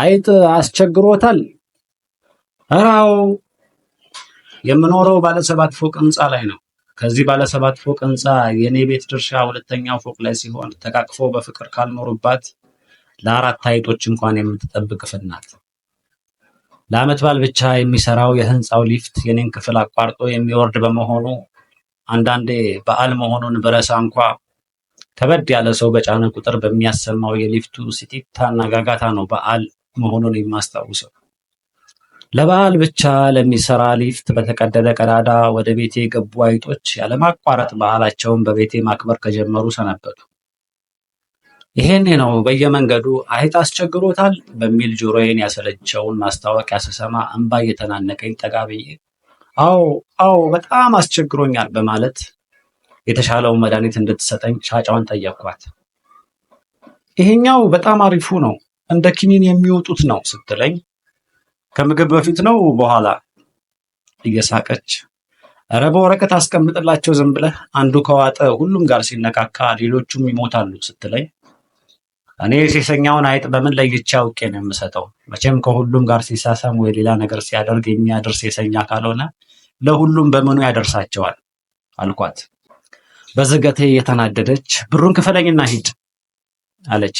አይጥ አስቸግሮታል? እራው የምኖረው ባለሰባት ፎቅ ህንፃ ላይ ነው። ከዚህ ባለሰባት ፎቅ ህንፃ የኔ ቤት ድርሻ ሁለተኛው ፎቅ ላይ ሲሆን ተቃቅፎ በፍቅር ካልኖሩባት ለአራት አይጦች እንኳን የምትጠብቅ ክፍል ናት። በዓል ብቻ የሚሰራው የህንፃው ሊፍት የኔን ክፍል አቋርጦ የሚወርድ በመሆኑ አንዳንዴ በዓል መሆኑን በረሳ እንኳ ከበድ ያለ ሰው በጫነ ቁጥር በሚያሰማው የሊፍቱ እና ጋጋታ ነው በዓል መሆኑን የማስታውሰው። ለበዓል ብቻ ለሚሰራ ሊፍት በተቀደደ ቀዳዳ ወደ ቤቴ የገቡ አይጦች ያለማቋረጥ በዓላቸውን በቤቴ ማክበር ከጀመሩ ሰነበቱ። ይሄኔ ነው በየመንገዱ አይጥ አስቸግሮታል በሚል ጆሮዬን ያሰለቸውን ማስታወቂያ ስሰማ እንባ እየተናነቀኝ ጠጋ ብዬ አዎ አዎ በጣም አስቸግሮኛል በማለት የተሻለውን መድኃኒት እንድትሰጠኝ ሻጫውን ጠየኳት! ይሄኛው በጣም አሪፉ ነው እንደ ኪኒን የሚወጡት ነው ስትለኝ ከምግብ በፊት ነው በኋላ እየሳቀች እረ በወረቀት አስቀምጥላቸው ዝም ብለህ አንዱ ከዋጠ ሁሉም ጋር ሲነካካ ሌሎቹም ይሞታሉ ስትለኝ እኔ ሴሰኛውን አይጥ በምን ለይቼ አውቄ ነው የምሰጠው? መቼም ከሁሉም ጋር ሲሳሰም ወይ ሌላ ነገር ሲያደርግ የሚያደርስ ሴሰኛ ካልሆነ ለሁሉም በምኑ ያደርሳቸዋል አልኳት። በዝገቴ እየተናደደች ብሩን ክፈለኝና ሂድ አለች።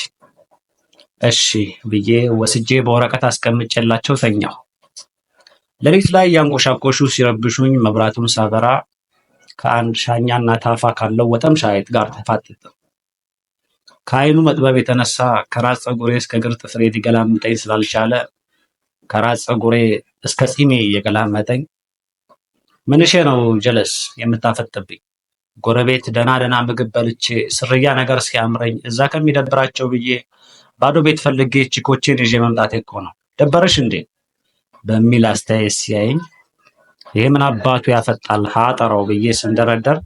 እሺ ብዬ ወስጄ በወረቀት አስቀምጬላቸው ተኛሁ። ሌሊት ላይ ያንቆሻቆሹ ሲረብሹኝ መብራቱን ሳበራ ከአንድ ሻኛና ታፋ ካለው ወጠም ሻይት ጋር ተፋጠጠ። ከአይኑ መጥበብ የተነሳ ከራስ ፀጉሬ እስከ ግር ጥፍሬ ሊገላምጠኝ ስላልቻለ ከራስ ፀጉሬ እስከ ፂሜ እየገላመጠኝ። ምንሼ ነው ጀለስ የምታፈጥብኝ? ጎረቤት ደና ደና ምግብ በልቼ ስርያ ነገር ሲያምረኝ እዛ ከሚደብራቸው ብዬ ባዶ ቤት ፈልጌ ችኮቼን ይዤ መምጣቴ እኮ ነው ደበረሽ እንዴ በሚል አስተያየት ሲያይኝ ይህ ምን አባቱ ያፈጣል ሀጠራው ብዬ ስንደረደር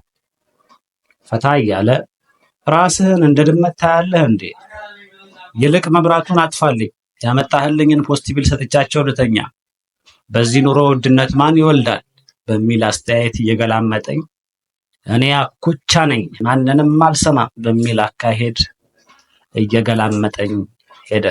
ፈታ እያለ ራስህን እንደ ድመት ታያለህ እንዴ? ይልቅ መብራቱን አጥፋልኝ፣ ያመጣህልኝን ፖስቲቪል ሰጥቻቸው ልተኛ፣ በዚህ ኑሮ ውድነት ማን ይወልዳል? በሚል አስተያየት እየገላመጠኝ እኔ አኩቻ ነኝ ማንንም አልሰማ በሚል አካሄድ እየገላመጠኝ ሄደ